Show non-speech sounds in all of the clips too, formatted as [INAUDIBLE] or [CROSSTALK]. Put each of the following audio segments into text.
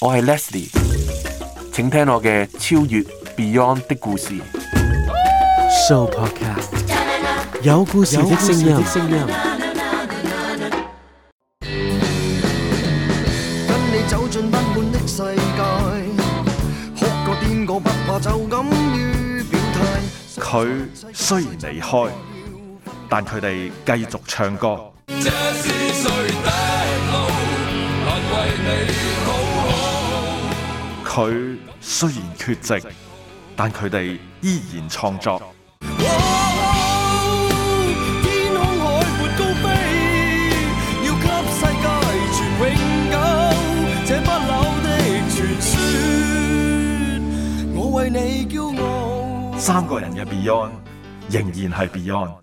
我係 Leslie，請聽我嘅超越 Beyond 的故事。So podcast 有故事的聲音。跟你走進不滿的世界，哭過癲過不怕，就敢於表態。佢雖然離開，但佢哋繼續唱歌。佢雖然缺席，但佢哋依然創作。天空海闊高飛，要給世界傳永久這不朽的傳說。我為你驕傲。三個人嘅 Beyond 仍然係 Beyond。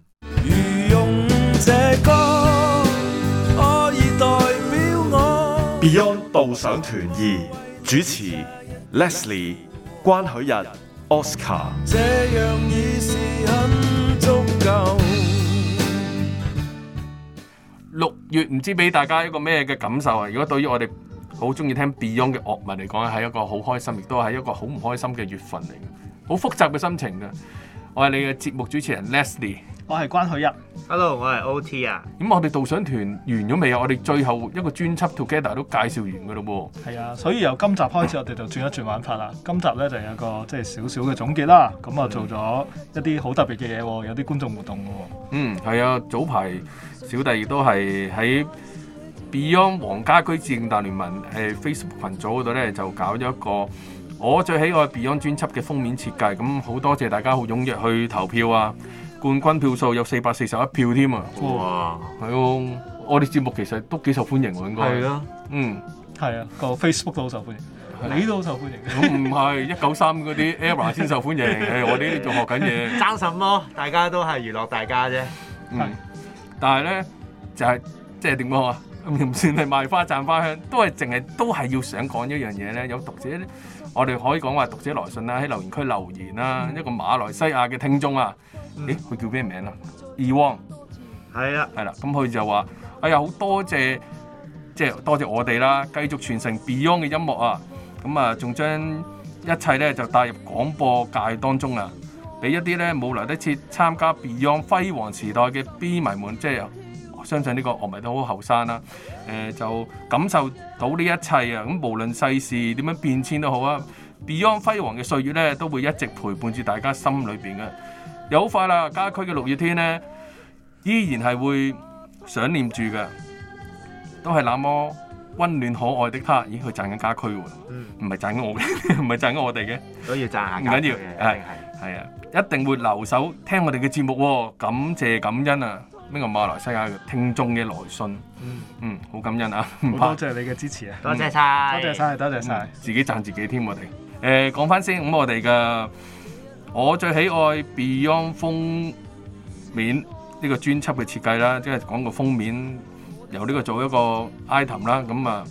Beyond 步上團二主持。Leslie、關許日、Oscar，這樣意思很足夠。六月唔知俾大家一個咩嘅感受啊！如果對於我哋好中意聽 Beyond 嘅樂迷嚟講啊，係一個好開心，亦都係一個好唔開心嘅月份嚟嘅，好複雜嘅心情噶。我係你嘅節目主持人 Leslie。我係關海一、啊、Hello，我係 OT 啊。咁我哋導賞團完咗未啊？我哋最後一個專輯 Together 都介紹完噶咯喎。係啊，所以由今集開始，我哋就轉一轉玩法啦，嗯。今集咧就有一個即係少少嘅總結啦。咁啊做咗一啲好特別嘅嘢，有啲觀眾活動、哦，嗯，係啊。早排小弟亦都係喺 Beyond 黃家駒致敬大聯盟誒、呃、Facebook 群組嗰度咧，就搞咗一個我最喜愛 Beyond 專輯嘅封面設計。咁好多謝大家好踊躍去投票啊！冠軍票數有四百四十一票添啊！哇，係咯，我哋節目其實都幾受歡迎喎，應該係啊，嗯，係啊，個 Facebook 都好受歡迎，你都好受歡迎，唔係一九三嗰啲 era 先受歡迎，我哋仲學緊嘢，爭什麼？大家都係娛樂大家啫，嗯，但係咧就係即係點講啊？唔算係賣花讚花香，都係淨係都係要想講一樣嘢咧，有讀者，我哋可以講話讀者來信啦，喺留言區留言啦，一個馬來西亞嘅聽眾啊。咦，佢叫咩名啊？Beyond，係啊，係啦。咁佢、嗯、就話：哎呀，好多謝，即係多謝我哋啦，繼續傳承 Beyond 嘅音樂啊。咁啊，仲將一切咧就帶入廣播界當中啊，俾一啲咧冇嚟得切參加 Beyond 輝煌時代嘅 B 迷們，即係我相信呢個樂迷都好後生啦。誒、呃，就感受到呢一切啊。咁、啊、無論世事點樣變遷都好啊、嗯、Beyond 輝煌嘅歲月咧都會一直陪伴住大家心裏邊嘅。又好快啦！家區嘅六月天咧，依然係會想念住嘅，都係那麼温暖可愛的他。咦，佢賺緊家區喎，唔、嗯、係賺緊我，唔係賺緊我哋嘅，都要賺下。唔緊要，係係係啊，一定會留守聽我哋嘅節目。感謝感恩啊，呢個馬來西亞嘅聽眾嘅來信。嗯、好、嗯、感恩啊，好多謝你嘅支持啊，多謝晒！多謝晒！多謝晒、嗯！自己賺自己添我哋。誒、呃，講翻先，咁我哋嘅。我最喜愛 Beyond 封 phone... 面呢、呢個專輯嘅設計啦，即係講個封面由呢個做一個 item 啦。咁啊，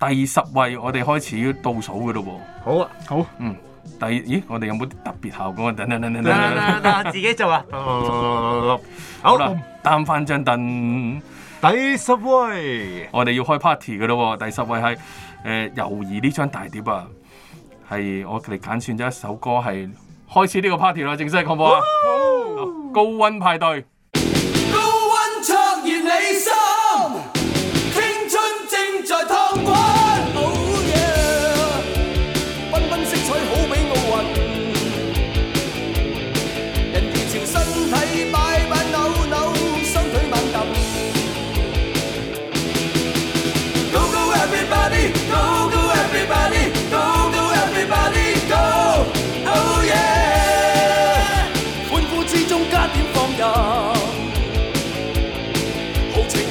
第十位我哋開始要倒數嘅咯喎。好啊，好。嗯，第咦我哋有冇啲特別效果？等等等。等，等，噔噔，我自己做啊！Hello, hello, hello. 好啦，擔、um, 翻張凳。第十位，我哋要開 party 嘅咯喎。第十位係誒、呃、猶豫呢張大碟啊，係我哋揀選咗一首歌係。開始呢個 party 啦，正式開幕啊！高溫派對。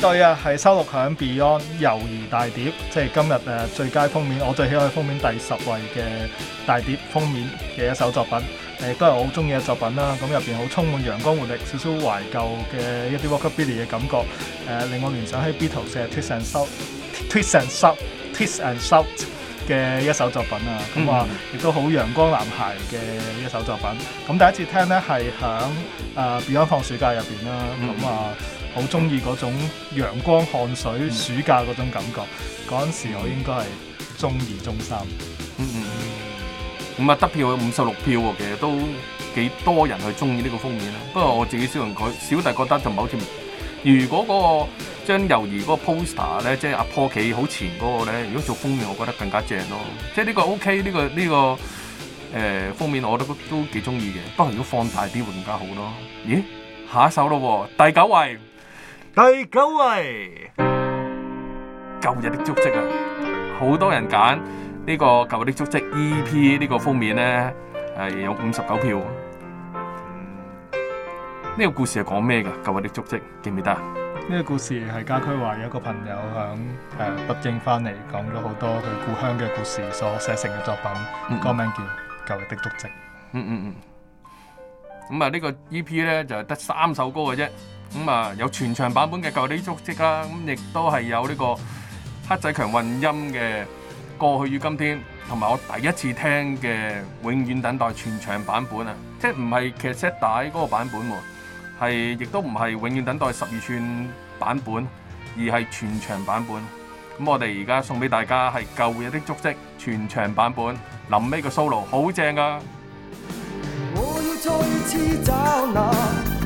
對啊，係收錄響 Beyond《猶豫大碟》，即係今日誒最佳封面，我最喜愛封面第十位嘅大碟封面嘅一首作品，誒亦都係我好中意嘅作品啦。咁入邊好充滿陽光活力，少少懷舊嘅一啲 Rockabilly 嘅感覺，誒令我聯想起 Beatles 嘅《Twist and Shout》《Twist and Shout》《Twist and Shout》嘅一首作品啊。咁啊，亦都好陽光男孩嘅一首作品。咁第一次聽咧係響誒 Beyond 放暑假入邊啦。咁啊。好中意嗰種陽光汗水暑假嗰種感覺，嗰、嗯、陣時我應該係中二中三。嗯嗯嗯，咁、嗯、啊、嗯、得票有五十六票喎，其實都幾多人去中意呢個封面啦。不過我自己小人佢小弟覺得就唔係好似。如果嗰個將尤兒嗰個 poster 咧，即係阿坡企好前嗰、那個咧，如果做封面，我覺得更加正咯。即係呢個 OK，呢、呢個呢、呢個誒、呃、封面我都都幾中意嘅。不過如果放大啲會更加好咯。咦，下一首咯，第九位。第九位，舊日的足跡啊，好多人揀呢、這個舊日的足跡 E P 呢個封面呢，係有五十九票。呢、嗯這個故事係講咩噶？舊日的足跡記唔記得啊？呢、這個故事係家駒話有一個朋友響誒北京翻嚟，講咗好多佢故鄉嘅故事，所寫成嘅作品嗯嗯，歌名叫《舊日的足跡》。嗯嗯嗯。咁啊，呢個 E P 呢，就係得三首歌嘅啫。咁、嗯、啊，有全場版本嘅舊日的足跡啦，咁亦都係有呢個黑仔強混音嘅過去與今天，同埋我第一次聽嘅永遠等待全場版本啊，即係唔係 ca set 帶嗰個版本喎，係亦都唔係永遠等待十二寸版本，而係全場版本。咁我哋而家送俾大家係舊日的足跡全場版本，臨尾個 solo 好正、啊、我要再一次找噶。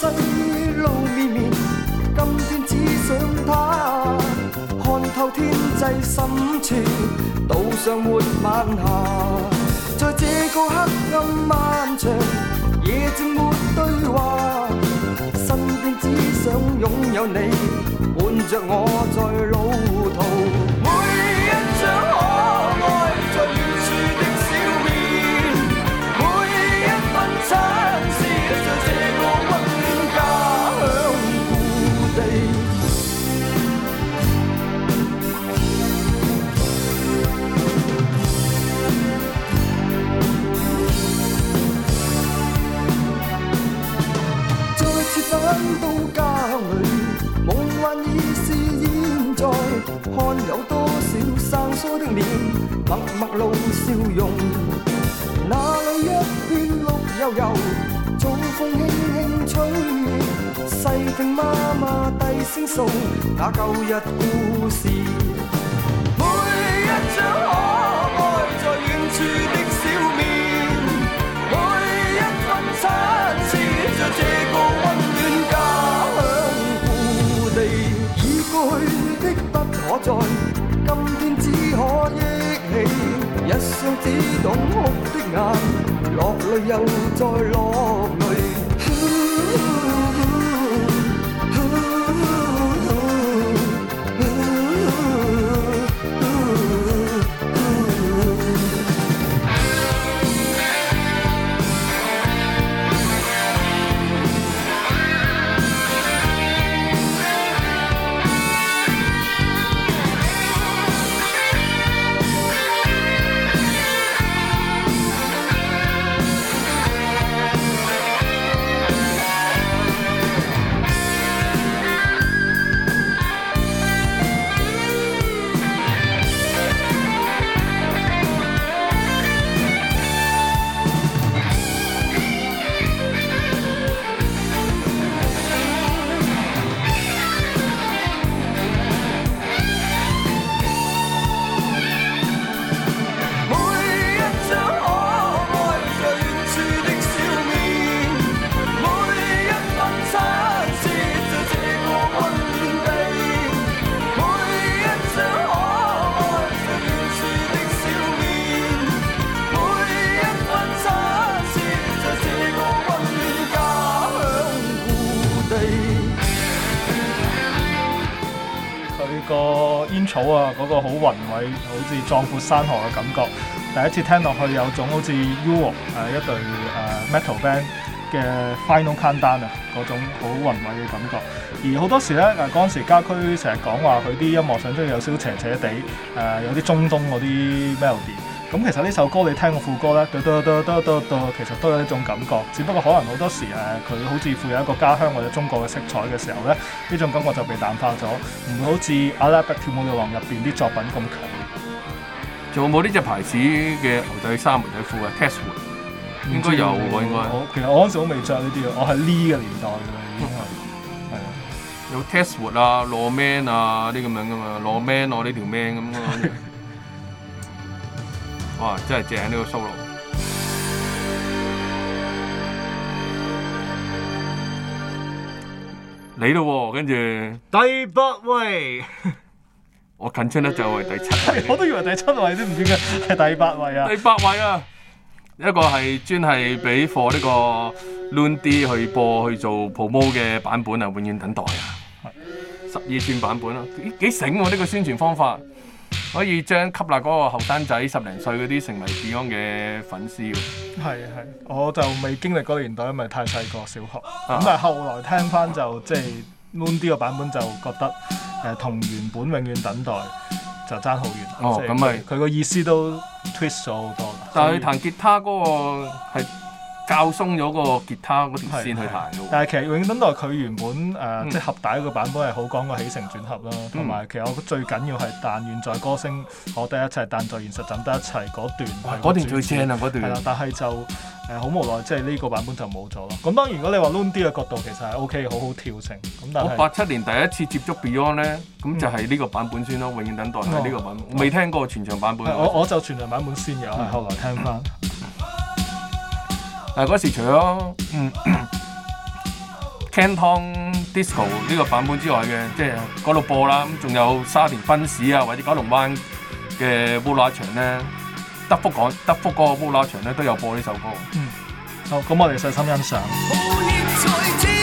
細路綿綿，今天只想他。看透天際深處，島上沒晚霞。在這個黑暗漫長，夜靜沒對話。身邊只想擁有你，伴着我在路途。的臉默默露笑容，那裏一片綠油油。早風輕輕吹，細聽媽媽低聲訴那舊日故事。 [MUSIC] 每一張可愛在遠處的笑面，每一分親切在這個溫暖家鄉 [MUSIC] 故地，已過去的不可再。一雙只懂哭的眼，落淚又再落淚。好啊！嗰、那個好宏偉，好似壯闊山河嘅感覺。第一次聽落去有種好似 UO、啊、一隊、啊、Metal Band 嘅 Final Countdown 啊，嗰種好宏偉嘅感覺。而好多時咧，嗱、啊、嗰陣時家區成日講話佢啲音樂上都有少少邪邪哋、啊、有啲中東嗰啲 melody。咁其實呢首歌你聽過副歌咧，哆其實都有一種感覺。只不過可能好多時誒，佢、啊、好似附有一個家鄉或者中國嘅色彩嘅時候咧，呢種感覺就被淡化咗，唔好似阿拉伯跳舞女王入邊啲作品咁強。仲有冇呢隻牌子嘅牛仔衫、啊、牛仔褲啊？Testwood 應該有喎、啊，應該。其實我嗰陣時我未着呢啲，我係呢個年代㗎啦，已經係。係啊，有 Testwood 啊、裸、啊啊、Man 啊啲咁樣㗎嘛，裸 Man 我呢條 Man 咁哇！真係正呢個 solo，你咯喎，跟住、哦、第八位， [LAUGHS] 我近親得就係第七位。 [LAUGHS] 我都以為第七位先唔算嘅，係 [LAUGHS] 第八位啊，第八位啊，一個係專係俾貨呢個 Lundy 去播去做 promo 嘅版本啊，永遠等待啊，十二寸版本啊，幾幾醒喎呢個宣傳方法。可以將吸納嗰個後生仔十零歲嗰啲成為 Beyond 嘅粉絲？係係，我就未經歷嗰個年代，因為太細個，小學。咁啊，但後來聽翻就即係 m o o n y 個版本，就覺得誒同、呃、原本永遠等待就爭好遠。哦，咁咪佢個意思都 twist 咗好多了。但係彈吉他嗰個較鬆咗個吉他嗰條線去彈，但係其實《永遠等待》佢原本誒、呃嗯、即係盒帶嗰個版本係好講個起承轉合啦，同、嗯、埋其實我最緊要係但願在歌聲我得一齊，但在現實站得一齊嗰段嗰、啊、段最正啊！嗰段係啦，但係就誒好、呃、無奈，即係呢個版本就冇咗咯。咁當然如果你話 long 啲嘅角度，其實係 OK，好好調性。咁但係我八七年第一次接觸 Beyond 咧，咁就係呢個版本先咯，嗯《永遠等待》係呢個版本，未、哦、聽過全場版本。我我，我就全場版本先嘅，嗯、我後來聽翻。 [LAUGHS] 嗱、啊、嗰時除咗嗯 Canton Disco 呢個版本之外嘅，即係嗰度播啦，咁仲有沙田分市啊，或者九龍灣嘅烏拉場咧，德福廣、德福嗰個烏拉場咧都有播呢首歌。嗯，好，咁我哋細心欣賞。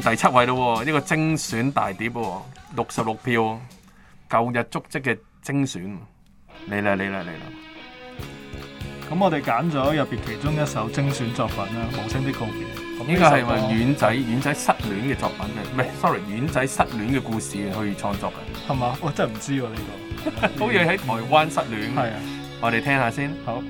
第七位咯，呢個精選大碟喎，六十六票，舊日足跡嘅精選，嚟啦嚟啦嚟啦！咁我哋揀咗入邊其中一首精選作品啦，無《母親啲告別》。呢個係話丸仔丸仔失戀嘅作品嘅，唔係，sorry，丸仔失戀嘅故事去創作嘅，係嘛？我真係唔知喎呢、啊呢個，好似喺台灣失戀。係、嗯、啊，我哋聽一下先。好。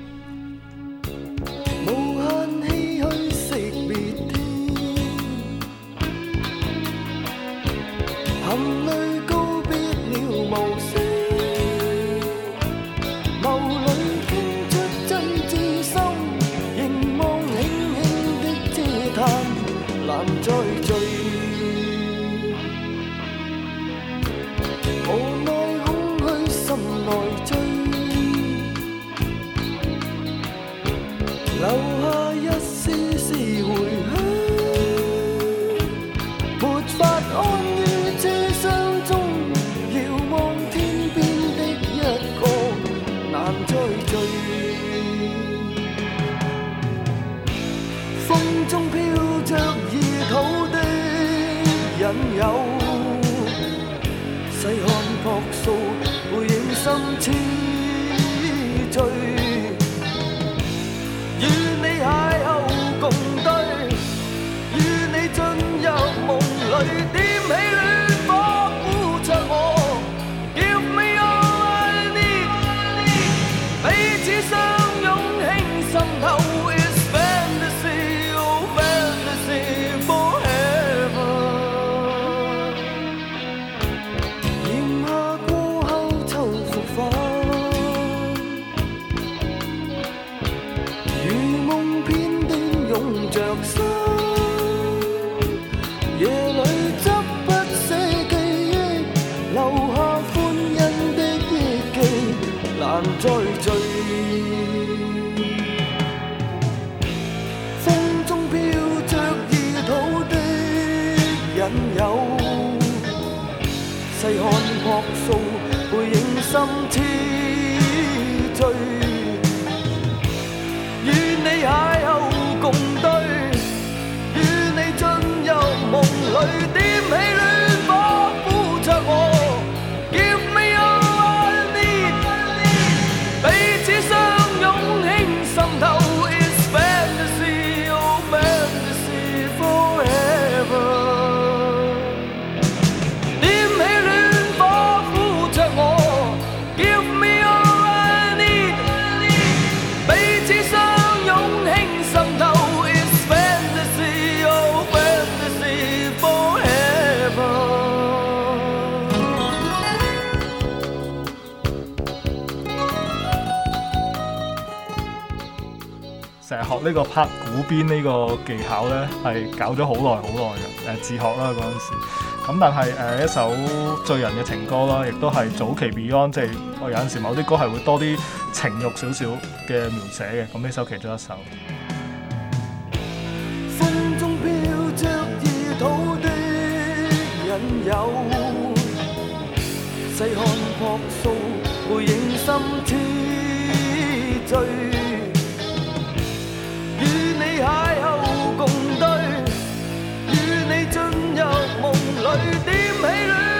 呢、這個拍鼓邊呢個技巧咧，係搞咗好耐好耐嘅，誒、呃、自學啦嗰陣時。咁但係誒、呃、一首醉人嘅情歌啦，亦都係早期 Beyond，即係我有陣時候某啲歌係會多啲情慾少少嘅描寫嘅。咁呢首其中一首。風中飄着土的人有西漢心似醉。」邂逅共對，與你進入夢裏，點起。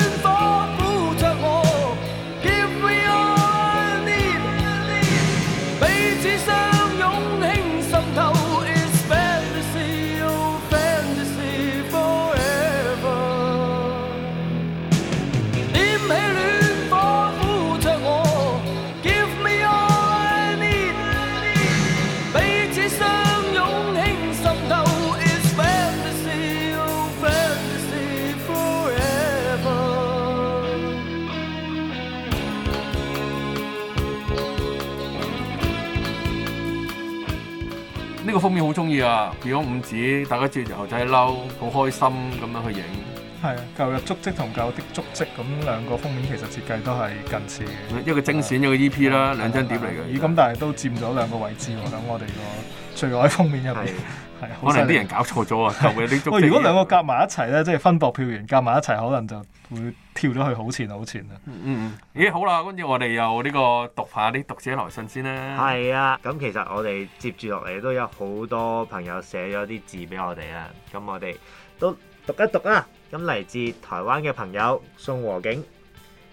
封面好鍾意啊，如果五指，大家接住就仔嬲，好開心咁樣去影。係啊，舊日足跡同舊的足跡，咁兩個封面其實設計都係近似嘅。一個精選一個 EP 啦，兩張碟嚟嘅。咦，咁但係都佔咗兩個位置喎，咁 [LAUGHS] 我哋個最愛封面入面，係 [LAUGHS] 是的 [LAUGHS] 可能啲人搞錯咗啊！舊嘅啲足跡。喂， [LAUGHS] 如果兩個夾埋一齊咧，即 [LAUGHS] 係分薄票完夾埋 [LAUGHS] 一齊， [LAUGHS] 可能就會跳咗去好前好前啦。咦、嗯嗯嗯欸，好啦，跟住我哋又呢個讀下啲讀者來信先啦。係啊，咁其實我哋接住落嚟都有好多朋友寫咗啲字俾我哋啦。咁我哋都讀一讀啊！咁嚟自台灣嘅朋友宋和景，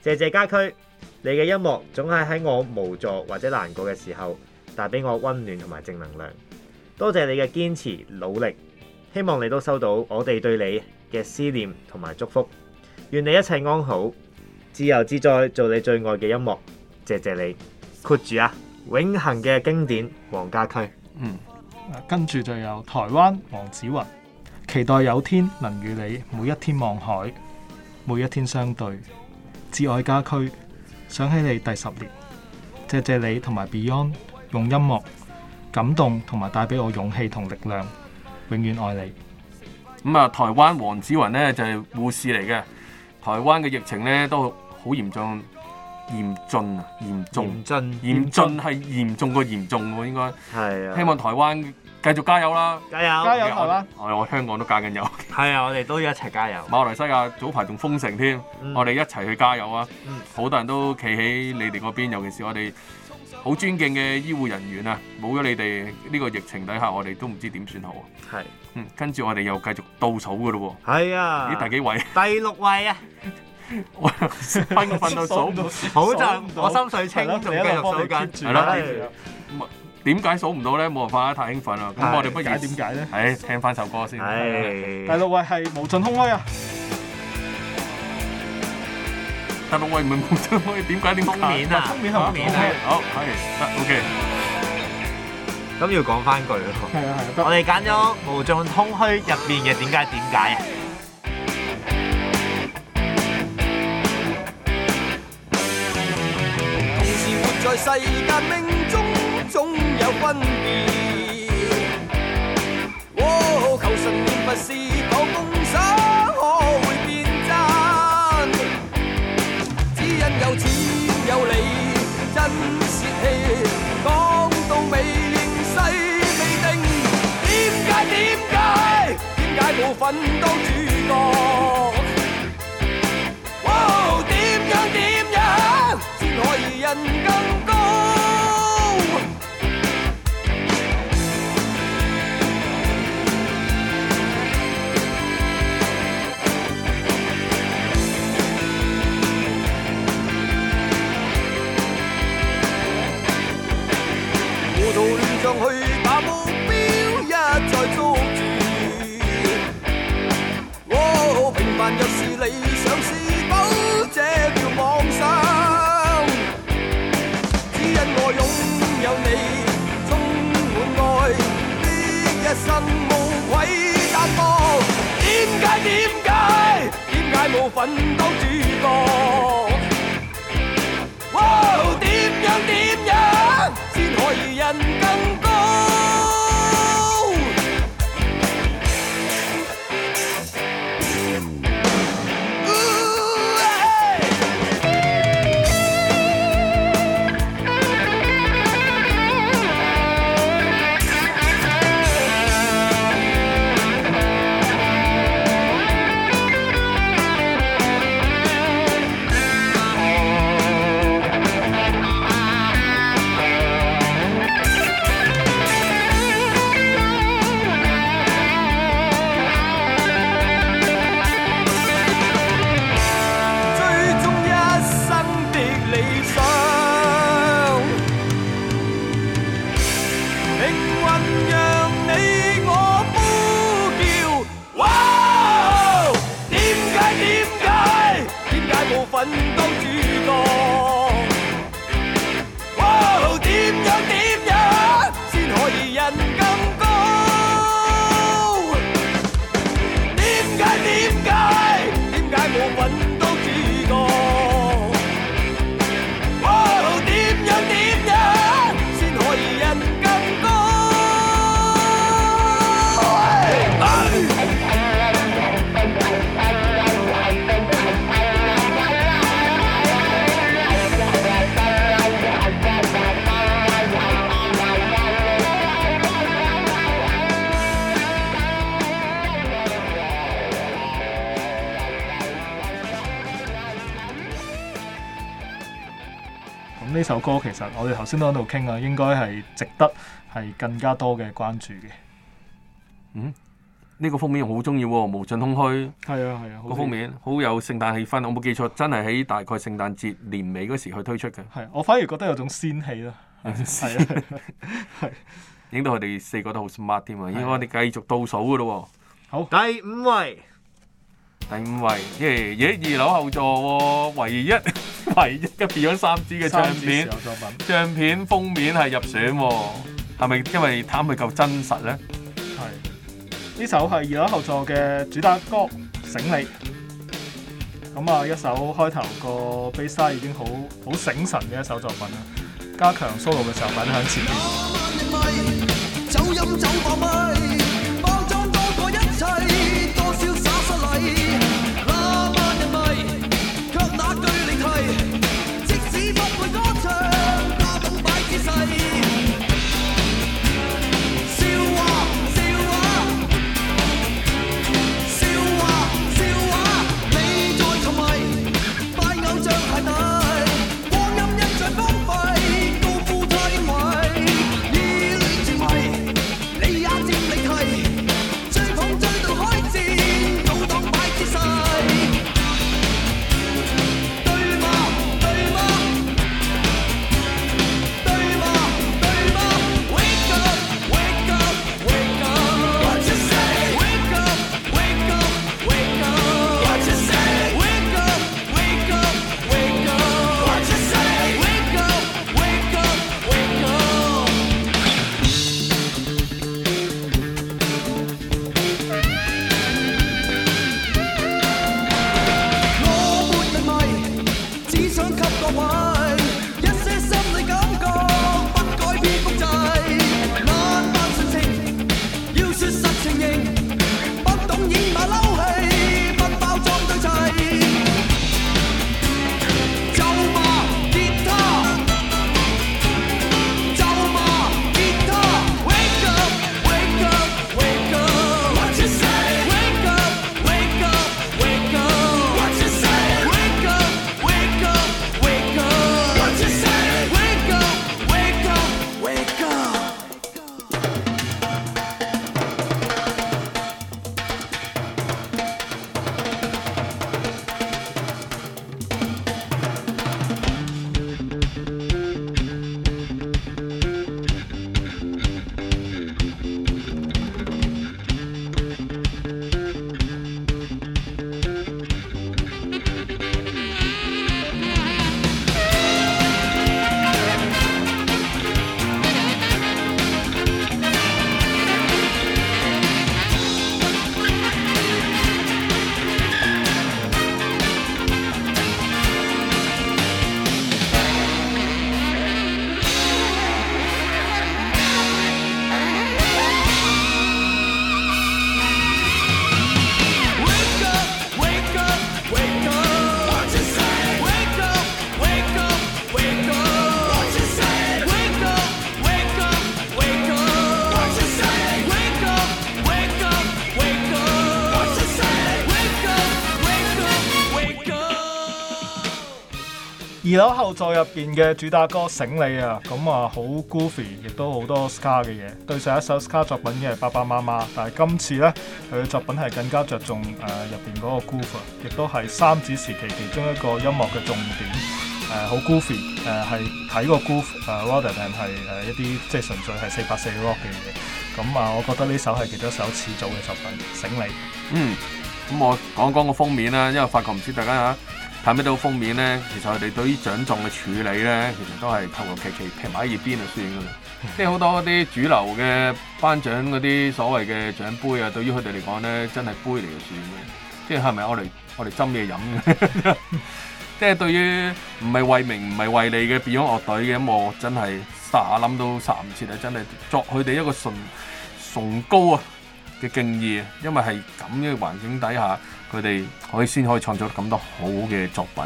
謝謝家駒，你嘅音樂總係喺我無助或者難過嘅時候帶俾我溫暖同埋正能量，多謝你嘅堅持努力，希望你都收到我哋對你嘅思念同埋祝福，願你一切安好，自由自在做你最愛嘅音樂，謝謝你。括住啊，永恆嘅經典，黃家駒。嗯，跟住就有台灣王子雲。期待有天能與你每一天望海，每一天相對，摯愛家駒，想起你第十年，謝謝你同埋 Beyond 用音樂感動同埋帶俾我勇氣同力量，永遠愛你。咁、嗯、啊，台灣黃子雲呢，就係、是、護士嚟嘅，台灣嘅疫情呢，都好嚴重嚴峻啊，嚴峻嚴，重嚴峻係嚴，嚴，嚴重過嚴重喎，應該希望、啊、台灣。繼續加油啦！加油！加油好啦！我，我，我，我香港都加緊油。係 [LAUGHS] 啊，我哋都要一齊加油。馬來西亞早排仲封城添、嗯，我哋一齊去加油啊！好、嗯、多人都企喺你哋嗰邊，尤其是我哋好尊敬嘅醫護人員啊！冇咗你哋呢個疫情底下，我哋都唔知點算好啊！跟、嗯、住我哋又繼續倒數㗎喇喎。係啊！咦，第幾位？第六位啊！ [LAUGHS] 我分我分到數，數， [LAUGHS] 數，數，好數數數數我心水清仲繼續數緊，係啦。點解數唔到咧？冇辦法啦，太興奮啊！咁我哋不如解點解咧？誒，聽翻首歌先。第六位係無盡空虛啊！第六位唔係無盡空虛，點解點解啊？封面啊！封面係封面啊！好，係，OK。咁要講翻句咯。係啊係。我哋揀咗無盡空虛入邊嘅點解點解啊？同時活在世間，身無愧淡薄，點解點解，點解無份當主角？歌其實我哋頭先都喺度傾啊，應該係值得係更加多嘅關注嘅。嗯，呢個封面我好中意，無盡空虛。係啊，係啊，個封面好有聖誕氣氛。我冇記錯，真係喺大概聖誕節年尾嗰時去推出嘅。係，我反而覺得有種仙氣咯。係啊，係影到佢哋四個都好 smart 添啊！應該你繼續倒數噶咯。好，第五位，第五位，耶耶，二樓後座，唯一。唯一一變咗三 D 嘅唱片，唱片封面係入選，係咪因為貪佢夠真實咧？係呢首係二樓後座嘅主打歌《醒你》，咁啊，一首開頭個 bass 已經好好醒神嘅一首作品啦，加強 solo 嘅時候品響前面。二樓後座入邊嘅主打歌《醒你》啊，咁、嗯、啊好 groovy 亦都好多 scar 嘅嘢。對上一首 scar 作品嘅《爸爸媽媽》，但係今次咧佢嘅作品係更加着重誒入、呃、邊嗰個 groove 亦都係三子時期其中一個音樂嘅重點。誒好 groovy 誒係睇個 groove，誒 rather than 係誒一啲即係純粹係四拍四 rock 嘅嘢。咁、嗯、啊，我覺得呢首係幾多首始祖嘅作品，《醒你》。嗯，咁我講講個封面啦，因為發覺唔知大家嚇。睇咩到封面咧，其實我哋對於獎狀嘅處理咧，其實都係求求其其，撇埋喺一邊就算啦。即、嗯、好多啲主流嘅頒獎嗰啲所謂嘅獎杯啊，對於佢哋嚟講咧，真係杯嚟就算嘅。即係係咪我哋我哋斟嘢飲嘅？ [LAUGHS] 即係對於唔係為名唔係為利嘅 Beyond 樂隊嘅，咁我真係撒諗到三唔切啊！真係作佢哋一個崇崇高啊嘅敬意，因為係咁嘅環境底下。佢哋可以先可以創作咁多好嘅作品。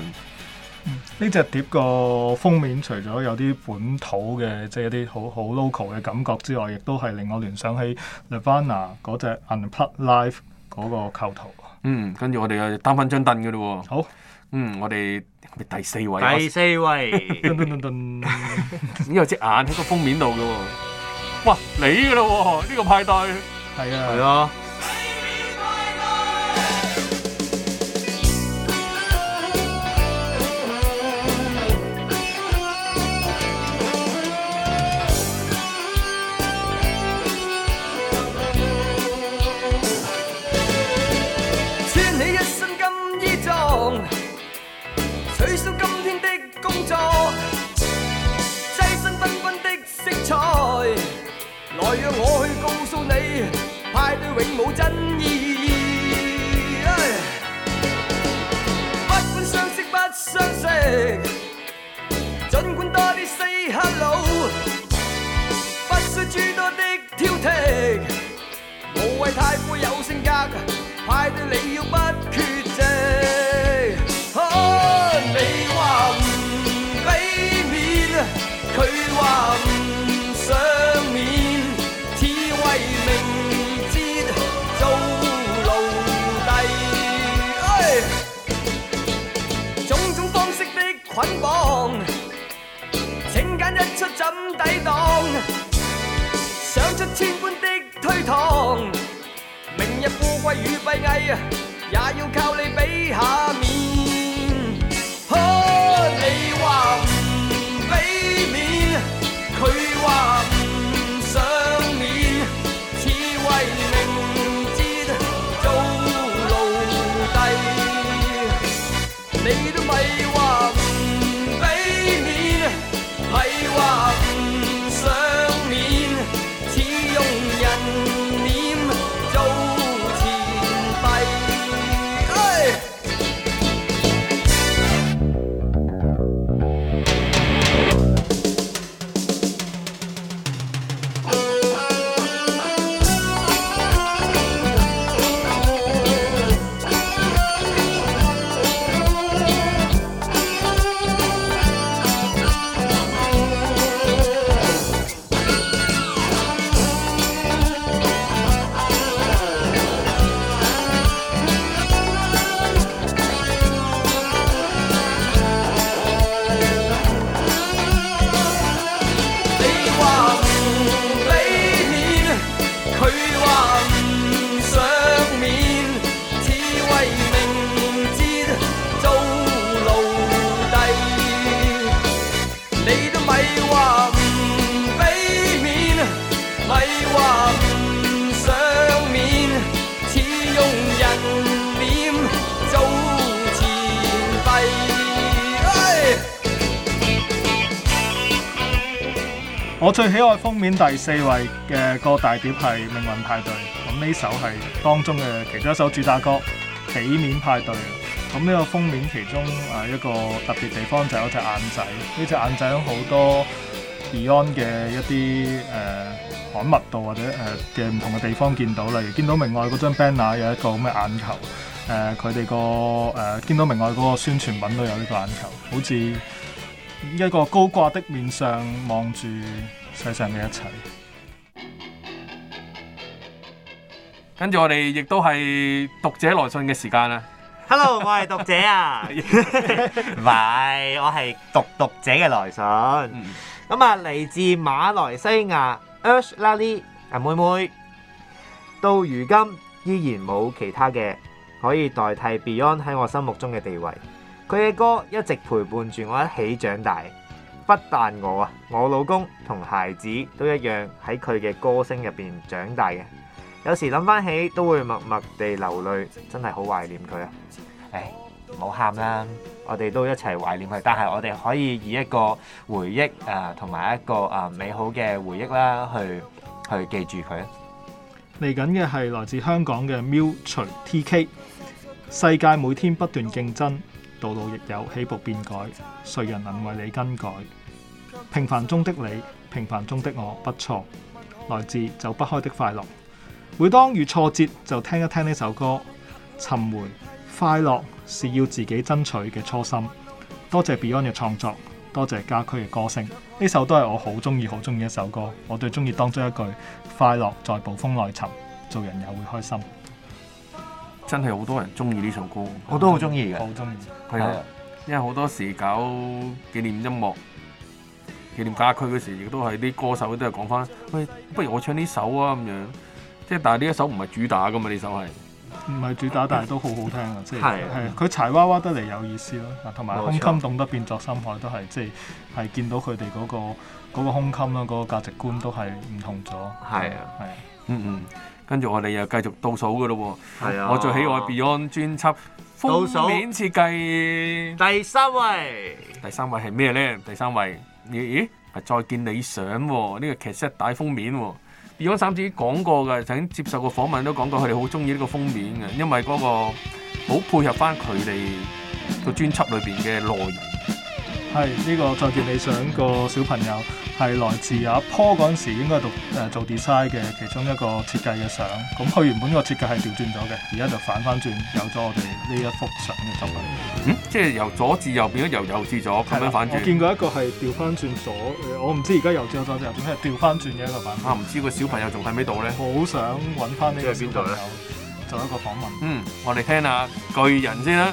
嗯，呢隻碟個封面除咗有啲本土嘅，即係有啲好好 local 嘅感覺之外，亦都係令我聯想起 Levana 嗰隻 Unplugged Life 嗰個構圖。嗯，跟住我哋又擔翻張凳嘅嘞喎。好，嗯，我哋第四位，第四位，因 [LAUGHS] 為 [LAUGHS] [LAUGHS] 隻眼喺個封面度嘅喎。哇，嚟嘅嘞喎呢個派對。係啊，係啊。派對永無真意義，hey! 不管相識不相識，儘管多啲 say hello，不需諸多的挑剔，無謂太富有性格，派對你要不缺席。抵擋，想出千般的推搪。明日富貴與閉翳，也要靠你比下。我最喜愛封面第四位嘅個大碟係《命運派對》，咁呢首係當中嘅其中一首主打歌《俾面派對》。咁呢個封面其中啊一個特別地方就係有隻眼仔，呢隻眼仔喺好多 Beyond 嘅一啲誒刊物度，或者誒嘅唔同嘅地方見到，例如見到明愛嗰張 banner 有一個咁嘅眼球，誒佢哋個誒、呃、見到明愛嗰個宣傳品都有呢個眼球，好似。一個高掛的面上望住世上嘅一切，跟住我哋亦都係讀者來信嘅時間啦。Hello，我係讀者啊，唔係，我係讀讀者嘅來信。咁啊，嚟自馬來西亞 Urshlady 啊妹妹，到如今依然冇其他嘅可以代替 Beyond 喺我心目中嘅地位。佢嘅歌一直陪伴住我一起長大，不但我啊，我老公同孩子都一樣喺佢嘅歌聲入邊長大嘅。有時諗翻起都會默默地流淚，真係好懷念佢啊！唉，唔好喊啦，我哋都一齊懷念佢。但係我哋可以以一個回憶誒，同埋一個誒美好嘅回憶啦，去去記住佢。嚟緊嘅係來自香港嘅 Miu 徐 T K。世界每天不斷競爭。道路亦有起步變改，誰人能為你更改？平凡中的你，平凡中的我，不錯。來自走不開的快樂，每當遇挫折就聽一聽呢首歌，尋回快樂是要自己爭取嘅初心。多謝 Beyond 嘅創作，多謝家駒嘅歌聲，呢首都係我好中意、好中意一首歌。我最中意當中一句：快樂在暴風內尋，做人也會開心。真係好多人中意呢首歌，我都好中意嘅，好中意。係啊，因為好多時搞紀念音樂、紀念家區嗰時，亦都係啲歌手都係講翻，喂、哎，不如我唱呢首啊咁樣。即係但係呢一首唔係主打㗎嘛，呢首係唔係主打，但係都好好聽啊！即係係佢柴娃娃得嚟有意思咯，同埋胸襟懂得變作深海都係即係係見到佢哋嗰個嗰個胸襟啦，嗰、那個那個價值觀都係唔同咗。係啊，係啊，嗯嗯。跟住我哋又繼續倒數㗎喇喎，我最喜愛 Beyond 專輯封面設計第三位，第三位係咩咧？第三位，你咦係再見理想喎、哦？呢、這個劇集大封面喎、哦，Beyond 三子講過嘅，曾經接受過訪問都講過，佢哋好鍾意呢個封面嘅，因為嗰、那個好配合返佢哋個專輯裏邊嘅內容。係呢、這個再見！你上個小朋友係來自阿坡嗰陣時，應該讀誒、呃、做 design 嘅其中一個設計嘅相。咁佢原本個設計係調轉咗嘅，而家就反翻轉，有咗我哋呢一幅相嘅作品。嗯，即係由左至右變咗由右至左咁樣反轉。我見過一個係調翻轉左，我唔知而家由左至右定由右至左，調翻轉嘅一個反差。唔、啊、知道個小朋友仲喺邊度咧？我、嗯、好想揾翻呢個小朋友，做一個訪問。嗯，我哋聽下巨人先啦。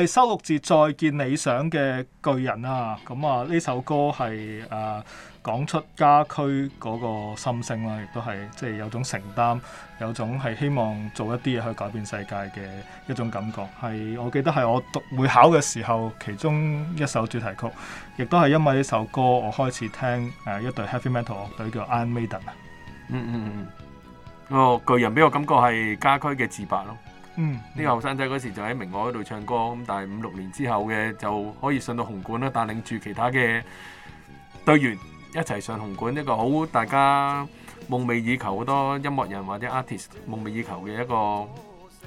係收錄自再見理想嘅巨人啊！咁、嗯、啊呢首歌係誒、啊、講出家駒嗰個心聲啦，亦都係即係有種承擔，有種係希望做一啲嘢去改變世界嘅一種感覺。係我記得係我讀會考嘅時候，其中一首主題曲，亦都係因為呢首歌，我開始聽誒、啊、一隊 heavy metal 樂隊叫 Iron Maiden 啊。嗯嗯嗯，個、嗯哦、巨人俾我感覺係家駒嘅自白咯。嗯，呢、嗯呢個後生仔嗰時就喺明愛嗰度唱歌，咁但係五六年之後嘅就可以上到紅館啦，帶領住其他嘅隊員一齊上紅館，一個好大家夢寐以求、好多音樂人或者 artist 夢寐以求嘅一個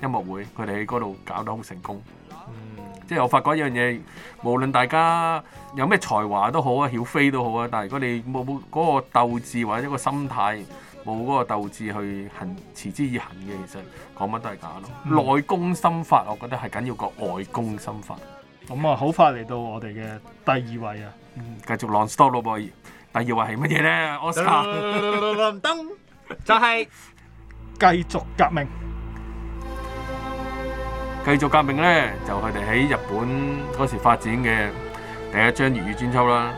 音樂會，佢哋喺嗰度搞得好成功。嗯，即係我發覺一樣嘢，無論大家有咩才華都好啊，曉飛都好啊，但係如果你冇嗰個鬥志或者一個心態。冇嗰個鬥志去行持之以恒嘅，其實講乜都係假咯、嗯。內功心法，我覺得係緊要過外功心法。咁啊，好快嚟到我哋嘅第二位啊！嗯，繼續 non-stop 咯。第二位係乜嘢咧？我睇下，就係繼續革命。繼續革命咧，就佢哋喺日本嗰時發展嘅第一張粵語專輯啦，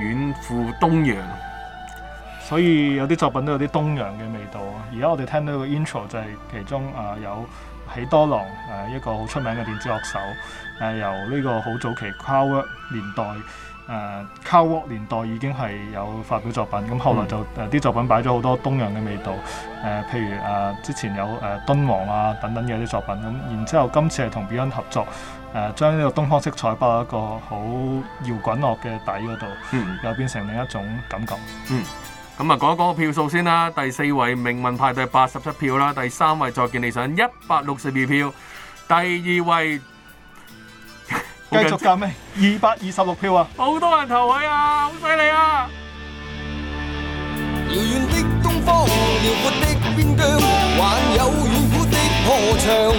《遠赴東洋》。所以有啲作品都有啲東洋嘅味道。而家我哋聽到個 intro 就係其中啊、呃、有喜多郎，呃、一個好出名嘅電子樂手。呃、由呢個好早期 cowork 年代、呃、cowork 年代已經係有發表作品。咁後來就啲、嗯呃、作品擺咗好多東洋嘅味道。譬、呃、如、呃、之前有、呃、敦煌啊等等嘅啲作品。咁、呃、然之後今次係同 Beyond 合作，將、呃、呢個東方色彩擺喺個好搖滾樂嘅底嗰度、嗯，又變成另一種感覺。嗯。咁啊，講一講個票數先啦。第四位命運派對八十七票啦，第三位再見理想一百六十二票，第二位 [LAUGHS] 繼續減咩？二百二十六票啊！好多人投佢啊，好犀利啊！遙遠的東方，遼闊的邊疆，還有遠古的破牆，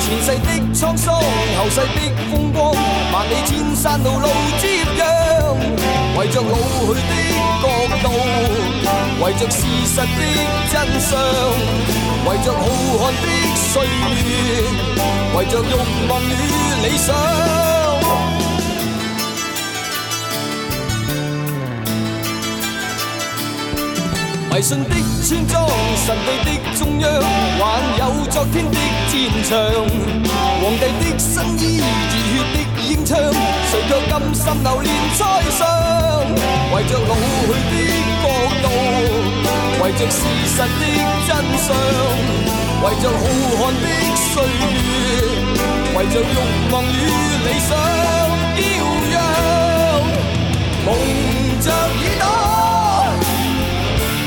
前世的滄桑，後世的風光，萬里千山路路接壤。為着老去的角度，為着事實的真相，為着浩瀚的歲月，為着欲望與理想。迷信的村莊，神秘的中央，還有昨天的戰場。皇帝的新衣，熱血的英槍，誰卻甘心留戀在上？為着老去的國度，為着事實的真相，為着浩瀚的歲月，為着欲望與理想，驕陽。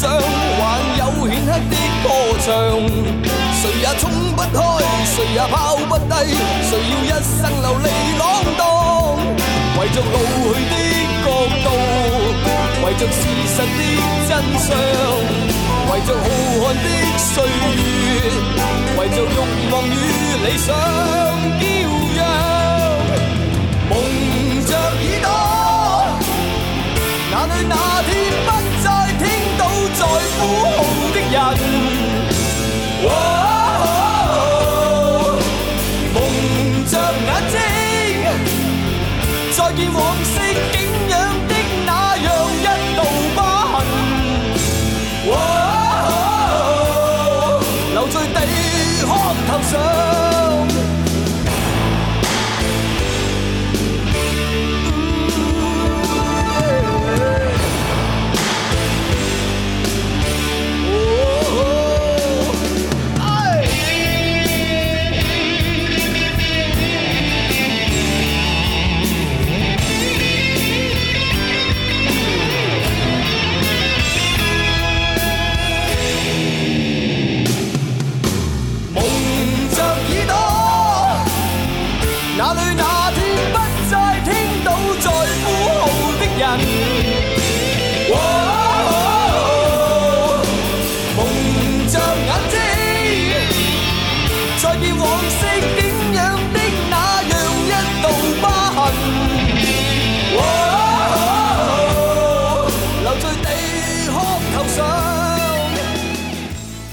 想，還有顯赫的歌唱，誰也衝不開，誰也拋不低。誰要一生流離浪蕩？為着老去的角度，為着事實的真相，為着浩瀚的歲月，為着欲望與理想。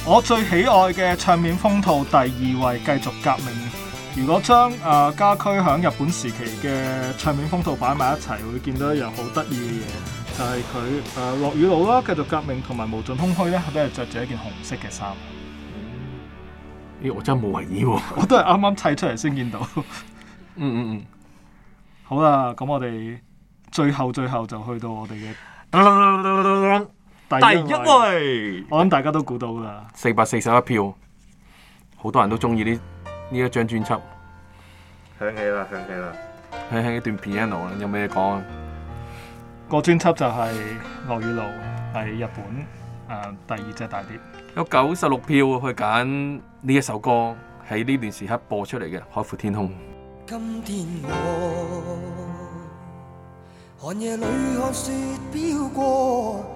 我最喜愛嘅唱片封套第二位繼續革命。如果將誒、呃、家駒響日本時期嘅唱片封套擺埋一齊，會見到一樣好得意嘅嘢，就係佢誒落雨佬啦，繼續革命同埋無盡空虛咧，都係着住一件紅色嘅衫。咦、欸，我真係冇留意，啊，我都係啱啱砌出嚟，先見到。 [LAUGHS] 嗯嗯嗯，好啦，咁我哋最後最後就去到我哋嘅。 [LAUGHS] 第一位，我諗大家都估到啦。四百四十一票，好多人都中意呢呢一張專輯。響起啦，響起啦，響起一段 piano 啦，有咩講啊？個專輯就係《樂與怒》，係日本誒第二隻大碟。有九十六票去揀呢一首歌，喺呢段時刻播出嚟嘅《海闊天空》。今天我寒夜裏看雪飄過。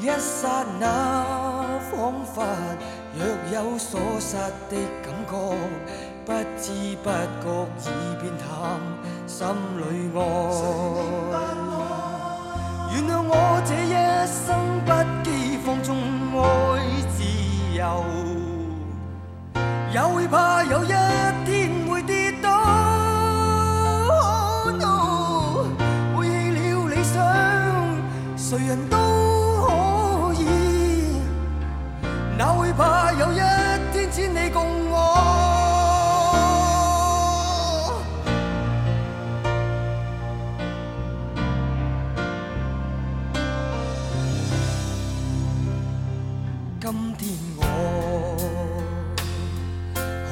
一剎那，仿佛若有所失的感覺，不知不覺已變淡，心裏愛。誰明白我。原諒我這一生不羈放縱愛自由，也會怕有一天。怕有一天只你共我。今天我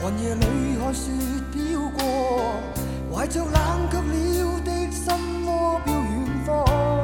寒夜裏看雪飄過，懷着冷卻了的心窩飄遠方。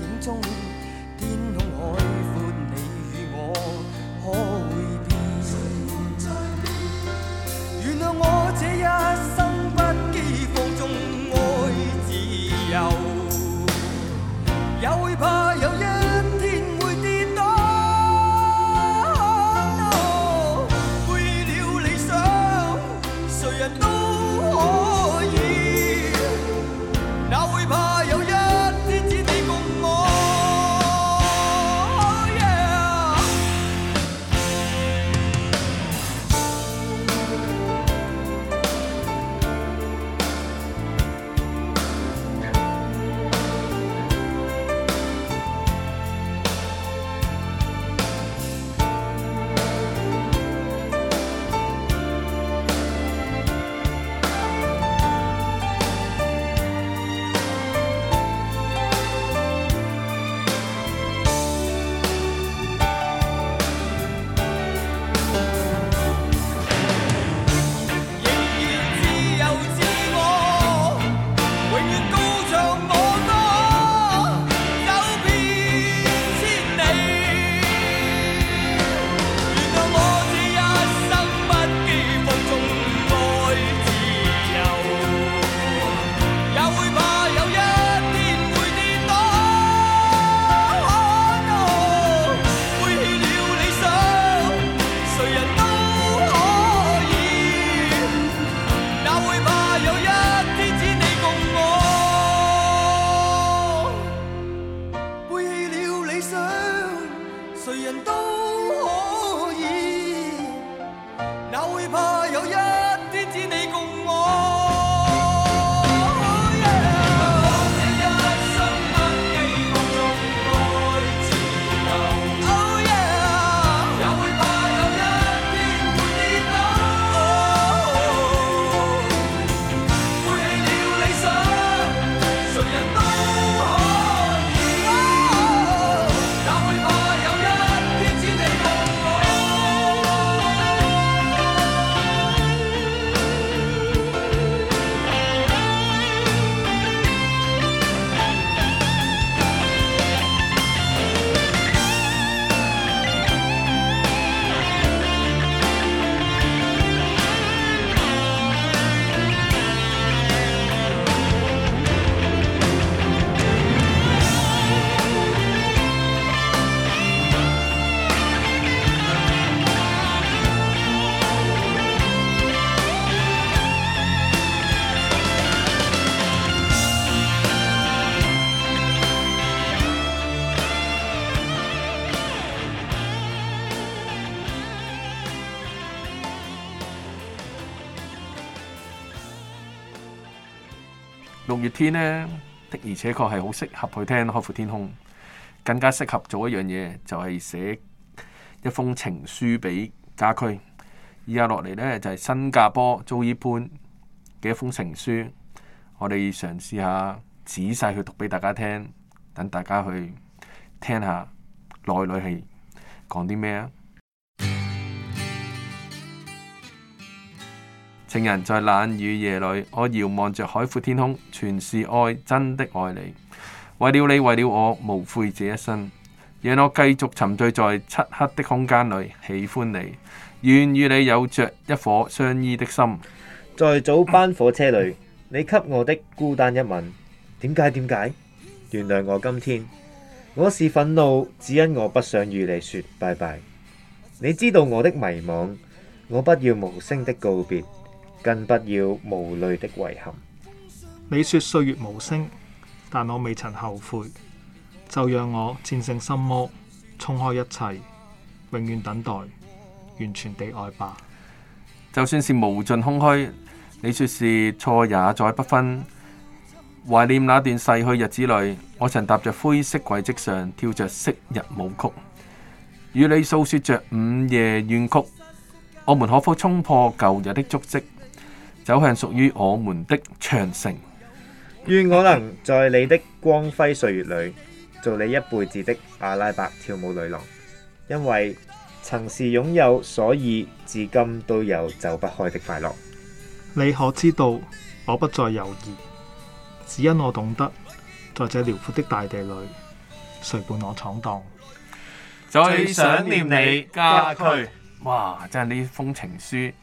月天咧的，而且確係好適合去聽《海闊天空》，更加適合做一樣嘢，就係、是、寫一封情書俾家駒。依家落嚟咧就係、是、新加坡周依潘嘅一封情書，我哋嘗試下仔細去讀俾大家聽，等大家去聽下內裏係講啲咩啊！情人在冷雨夜裏，我遙望着海闊天空，全是愛，真的愛你。為了你，為了我，無悔這一生，讓我繼續沉醉在漆黑的空間裏，喜歡你，願與你有着一顆相依的心。在早班火車裏，你給我的孤單一吻，點解？點解？原諒我今天，我是憤怒，只因我不想與你說拜拜。你知道我的迷惘，我不要無聲的告別。更不要無淚的遺憾。你說歲月無聲，但我未曾後悔。就讓我戰勝心魔，沖開一切，永遠等待，完全地愛吧。就算是無盡空虛，你說是錯也再不分。懷念那段逝去日子裏，我曾踏着灰色軌跡上，跳着昔日舞曲，與你訴說着午夜怨曲。我們可否沖破舊日的足跡？走向屬於我們的長城，願我能在你的光輝歲月裏做你一輩子的阿拉伯跳舞女郎，因為曾是擁有，所以至今都有走不開的快樂。你可知道我不再猶豫，只因我懂得在這遼闊的大地裏，誰伴我闖蕩？最想念你家，家居哇！真係呢封情書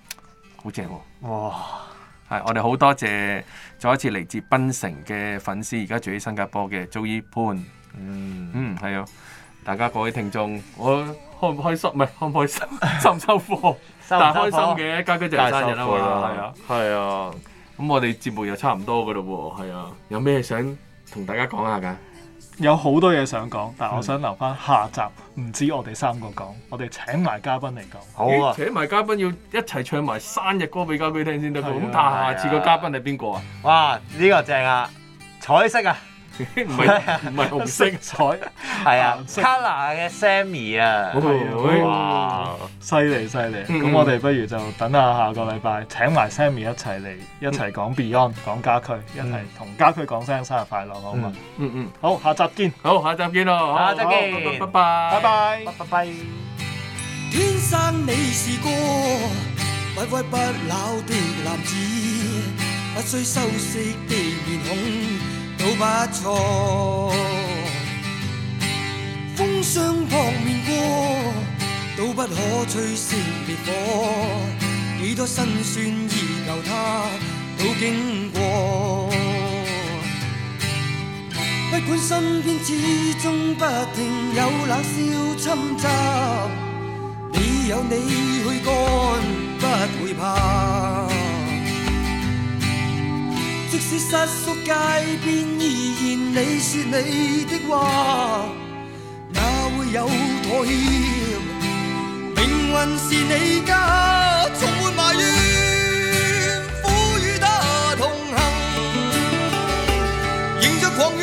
好正喎，哇！係，我哋好多謝再一次嚟自檳城嘅粉絲，而家住喺新加坡嘅 Joy Poon。嗯，嗯，係啊，大家各位聽眾，我開唔開心？唔係開唔開心， [LAUGHS] [LAUGHS] 收唔收貨？但係開心嘅，家居就係生日啦嘛，係啊，係啊，咁、啊啊啊、我哋節目又差唔多噶咯喎，係啊，有咩想同大家講下㗎？有好多嘢想講，但係我想留翻下集，唔止我哋三個講、嗯，我哋請埋嘉賓嚟講。好啊！請埋嘉賓要一齊唱埋生日歌俾嘉賓聽先得。咁睇下下次個嘉賓係邊個啊？哇！呢個正啊！彩色啊！唔係唔係，好色彩，係啊，color 嘅 Sammy 啊，哇，犀利犀利，咁我哋不如就等下下個禮拜請埋 Sammy 一齊嚟一齊講 Beyond，講家駒，一齊同家駒講聲生日快樂，好嘛？嗯嗯，好，下集見，好下集見咯，下集見，拜拜，拜拜，拜拜。都不錯，風霜撲面過，都不可吹熄烈火。幾多辛酸亦由它都經過。不管身邊始終不停有冷笑侵襲，你有你去幹，不會怕。即使瑟縮街邊，依然你說你的話，哪會有妥協？命運是你家，從沒埋怨，苦與他同行，迎着狂雨。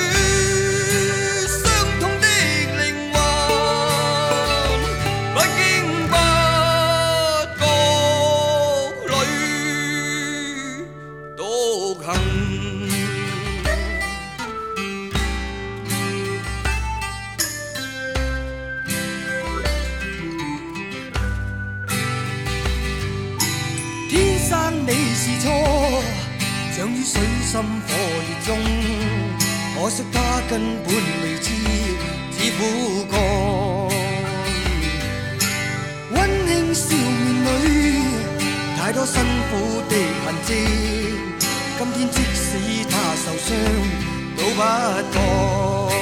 長於水深火熱中，可惜他根本未知，只苦幹。溫馨笑面裏，太多辛苦的文字。今天即使他受傷，都不覺。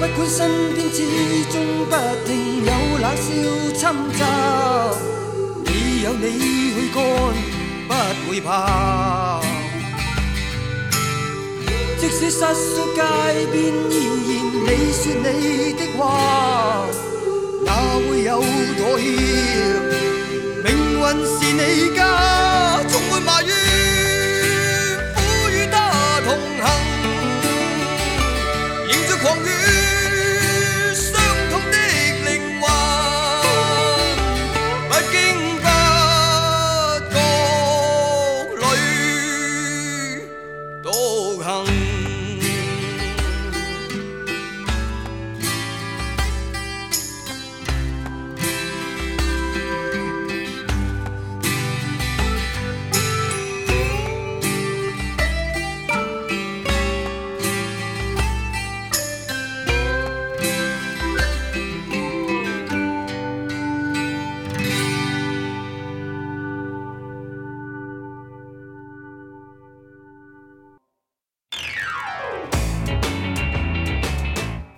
不管身邊始終不停有冷笑侵襲，你有你去幹。不會怕，即使失足街邊依然你說你的話，哪會有妥協？命運是你家，充滿埋怨，苦與他同行，迎着狂雨。